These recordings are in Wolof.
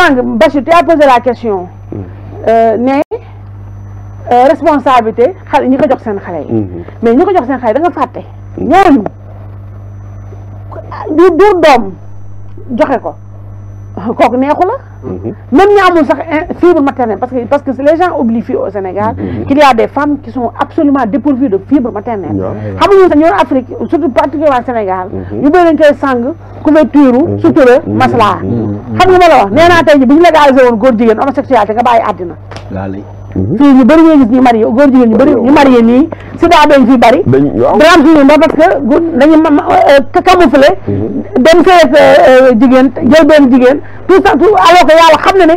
bang Bachir tu as posé la question. Mais, mm. euh, euh, responsabilité xale ñi ko jox seen xale mm-hmm. mais ñi ko jox seen xale da nga fàtte. Mm-hmm. ñooñu du duur doom joxe ko kooku neexu mm-hmm. même ñi sax fibre maternelle parce que parce que les gens oublient au Sénégal. qu'il y a des femmes qui sont absolument dépourvues de fibre maternelle. xam nga ñun en Afrique surtout particulièrement Sénégal. ñu bëri dañ koy sàng. couverture mm-hmm. sutura maslaa mm-hmm. mm-hmm. xam nga ma la wax nee naa tey ji bi ñu légalisé woon góor jigéen homosexualité nga bàyyi àddina fii ñu bëri ñoo gis ñu marié góor jigéen ñu bëri ñu marié nii si daa dañ fi bëri drame suñu ba parce que gu dañu euh, euh, camouflé dem seet euh, jigéen jël benn jigéen tout ça tout alors que yàlla xam na ne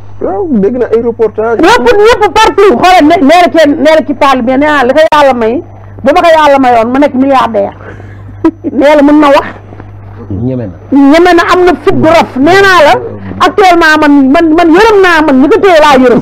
waaw dégg na ay reportage ñëpp ñëpp partout xoolal ne neera ci neera ci paal bi nee naa li ko yàlla may bu ma ko yàlla mayoon ma nekk milliardaire nee la mën na wax ñeme na na am na fit gu raf nee naa la actuellement man man man yërëm naa man ñi ko téye laa yërëm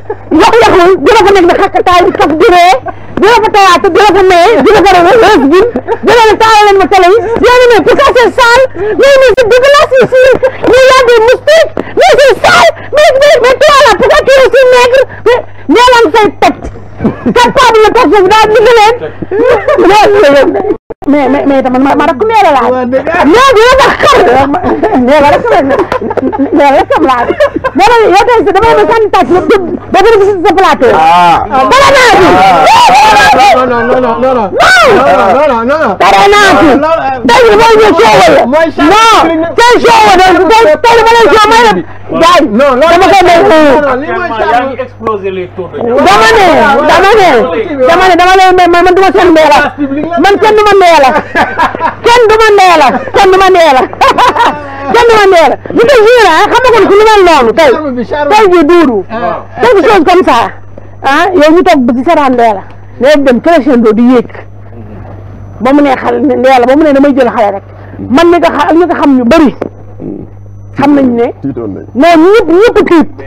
यहून zero करने की करता है इसका zero zero पता है तो जीरो करने जीरो करेंगे रोज दिन जीरो लगता है लेकिन मतलब नहीं यानी मैं पिछले से साल नहीं मैं से दुगला सी सी मैं याद है मुस्तिक मैं से साल मैं मैं मैं तो आला पता क्यों सी नेगर मैं लम से टच कब पाप में पसंद ना निकले mais mais mais dama ma ma rakk nee la laaj. nee bi la tax xam. nee la rek la nee la sam laaj. nee la yow tey si damay ma sànni tàcc ba ba ba si sa plateau. ah dara naa fi. non non non non non non non dara naa fi. tey bi boo ñëwee show la. non tey show la tey tey li ma leen show may la. daal dama koy may dama ne dama ne dama ne dama leen may man du ma seen meeram man kenn man neela kenn du ma la kenn du ma neela kenn du ma neela ñu ko jure ah xam nga kon ku lu mel noonu tey tey jii duudu quelque ah. chose comme ça ah, yow ñu toog ba ci saraan neela neela dem crescendo di yéeg ba mu ne xal neela ba mu ne damay jël xale rek man ñi ko xam ñu bëri xam nañ ne noonu ñëpp ñëpp tiit